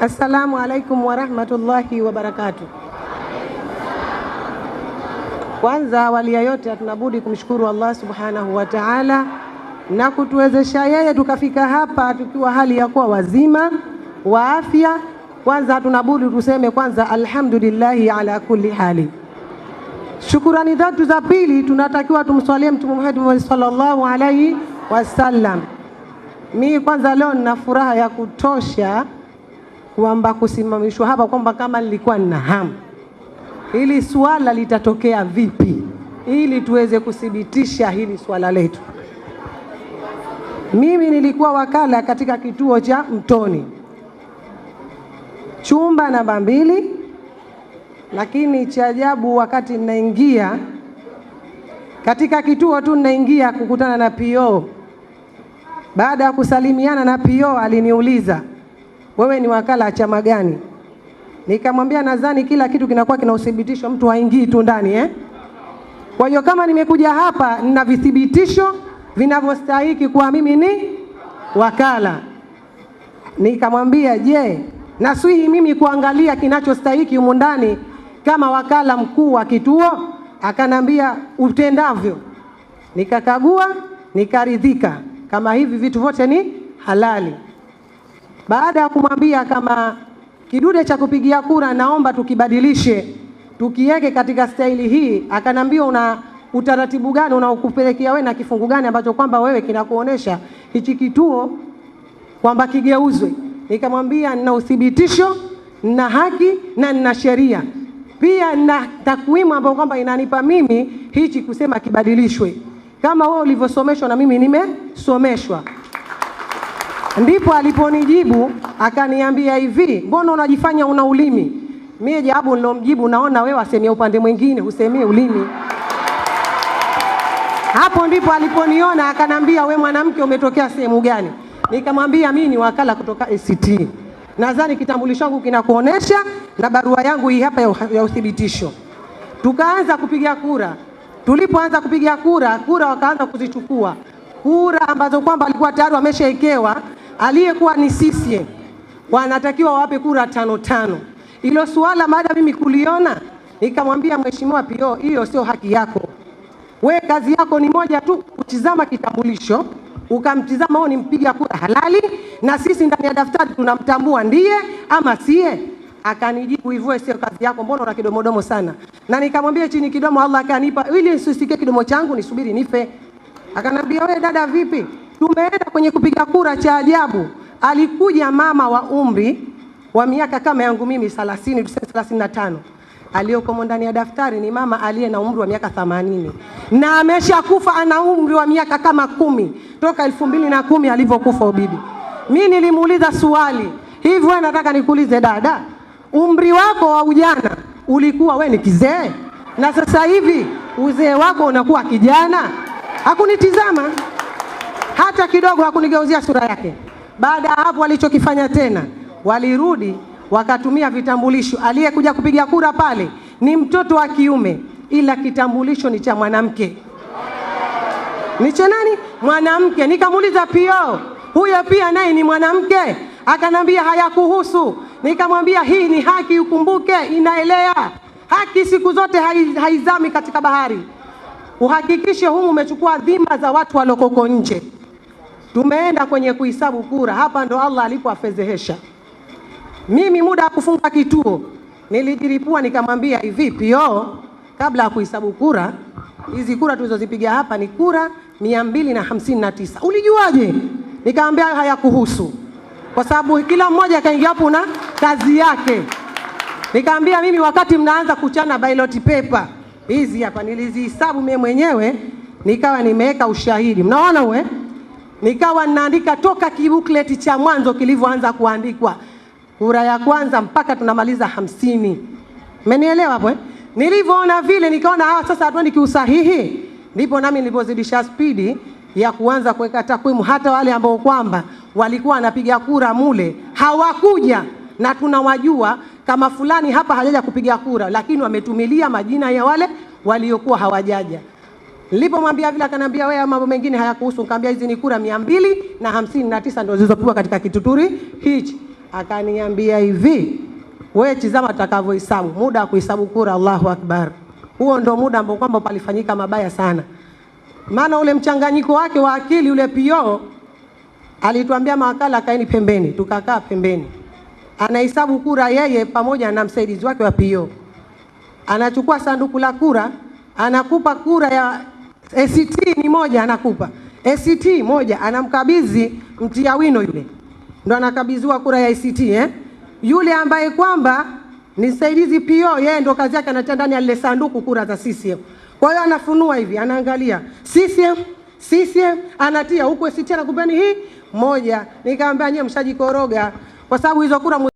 Assalamu alaikum warahmatullahi wabarakatu Kwanza awali ya yote hatunabudi kumshukuru Allah subhanahu wa taala na kutuwezesha yeye tukafika hapa tukiwa hali ya kuwa wazima wa afya. Kwanza hatunabudi tuseme kwanza alhamdulillahi ala kulli hali. Shukurani zetu za pili tunatakiwa tumswalie Mtume Muhammad sallallahu alaihi wasallam. Mimi kwanza leo nina furaha ya kutosha kwamba kusimamishwa hapa kwamba kama nilikuwa nina hamu, hili swala litatokea vipi ili tuweze kuthibitisha hili swala letu. Mimi nilikuwa wakala katika kituo cha Mtoni chumba namba mbili, lakini cha ajabu, wakati ninaingia katika kituo tu ninaingia kukutana na PO. Baada ya kusalimiana na PO, aliniuliza wewe ni wakala wa chama gani? Nikamwambia nadhani kila kitu kinakuwa kina uthibitisho, mtu haingii tu ndani eh? Kwa hiyo kama nimekuja hapa nina vithibitisho vinavyostahiki kuwa mimi ni wakala. Nikamwambia je, naswihi mimi kuangalia kinachostahiki humu ndani kama wakala mkuu wa kituo? Akanambia utendavyo. Nikakagua nikaridhika, kama hivi vitu vyote ni halali baada ya kumwambia kama kidude cha kupigia kura naomba tukibadilishe tukiweke katika staili hii, akanambia una utaratibu gani unaokupelekea wewe na kifungu gani ambacho kwamba wewe kinakuonesha hichi kituo kwamba kigeuzwe? Nikamwambia nina uthibitisho, nina haki na nina sheria pia na takwimu ambayo kwamba inanipa mimi hichi kusema kibadilishwe, kama wewe ulivyosomeshwa na mimi nimesomeshwa. Ndipo aliponijibu akaniambia, hivi mbona unajifanya una ulimi? Mie jawabu nilomjibu, naona wewe wasemia upande mwingine, usemie ulimi. Hapo ndipo aliponiona akanambia, we mwanamke, umetokea sehemu gani? Nikamwambia mi ni wakala kutoka ACT, nadhani kitambulisho changu kinakuonesha na barua yangu hii hapa ya uthibitisho. Tukaanza kupiga kura. Tulipoanza kupiga kura, kura wakaanza kuzichukua kura ambazo kwamba walikuwa tayari wameshaekewa aliyekuwa ni CCM wanatakiwa wape kura tano tano. Hilo suala baada mimi kuliona nikamwambia mheshimiwa PO, hiyo sio haki yako. We kazi yako ni moja tu, kutizama kitambulisho, ukamtizama huo ni mpiga kura halali, na sisi ndani ya daftari tunamtambua ndiye ama siye. Akanijibu hivyo, sio kazi yako, mbona una kidomodomo sana? Na nikamwambia chini kidomo, Allah akanipa ili nisisikie kidomo changu, nisubiri nife. Akanambia we dada, vipi? tumeenda kwenye kupiga kura, cha ajabu alikuja mama wa umri wa miaka kama yangu mimi 30 tuseme 35 aliyoko ndani ya daftari ni mama aliye na umri wa miaka 80 na ameshakufa, ana umri wa miaka kama kumi toka elfu mbili na kumi alivyokufa bibi. Mimi nilimuuliza swali hivi, wewe nataka nikuulize dada, umri wako wa ujana ulikuwa we ni kizee, na sasa hivi uzee wako unakuwa kijana? Hakunitizama hata kidogo hakunigeuzia sura yake. Baada ya hapo, walichokifanya tena, walirudi wakatumia vitambulisho. Aliyekuja kupiga kura pale ni mtoto wa kiume, ila kitambulisho ni cha mwanamke. Ni cha nani? Mwanamke. Nikamuuliza pio, huyo pia naye ni mwanamke? Akanambia hayakuhusu. Nikamwambia hii ni haki, ukumbuke inaelea haki siku zote haizami katika bahari. Uhakikishe humu umechukua dhima za watu walokoko nje. Tumeenda kwenye kuhesabu kura, hapa ndo Allah alipoafedhehesha Mimi muda wa kufunga kituo nilijiripua, nikamwambia hivi PO, kabla ya kuhesabu kura, hizi kura tulizozipiga hapa ni kura 259 Ulijuaje? Nikamwambia hayakuhusu, kwa sababu kila mmoja akaingia hapo na kazi yake. Nikamwambia mimi, wakati mnaanza kuchana ballot paper hizi hapa, nilizihesabu mimi mwenyewe, nikawa nimeweka ushahidi. Mnaona uwe nikawa ninaandika toka kibukleti cha mwanzo kilivyoanza kuandikwa kura ya kwanza mpaka tunamaliza hamsini. Mmenielewa hapo eh? Nilivyoona vile nikaona ah, sasa hatuendi kiusahihi, ndipo nami nilipozidisha spidi ya kuanza kuweka takwimu. Hata wale ambao kwamba walikuwa wanapiga kura mule hawakuja, na tunawajua kama fulani hapa hajaja kupiga kura, lakini wametumilia majina ya wale waliokuwa hawajaja. Nilipomwambia vile akaniambia wewe, mambo mengine hayakuhusu. Nikamwambia hizi ni kura mia na tisa ndio zilizopigwa katika kituturi hichi. Akaniambia hivi, wewe tizama tutakavyohesabu, muda wa kuhesabu kura. Allahu akbar! Huo ndio muda ambao kwamba palifanyika mabaya sana, maana ule mchanganyiko wake wa akili ule pio alituambia mawakala, kaeni pembeni. Tukakaa pembeni, anahesabu kura yeye pamoja na msaidizi wake wa pio, anachukua sanduku la kura, anakupa kura ya ACT ni moja anakupa ACT moja, anamkabidhi mtia wino yule, ndo anakabidhiwa kura ya ACT eh? Yule ambaye kwamba ni msaidizi PO, yeye ndo kazi yake anatia ndani ya lile sanduku kura za CCM. Kwa hiyo anafunua hivi, anaangalia CCM CCM, anatia huku ACT, anakupeni hii moja, Nikamwambia nyewe mshajikoroga kwa sababu hizo kura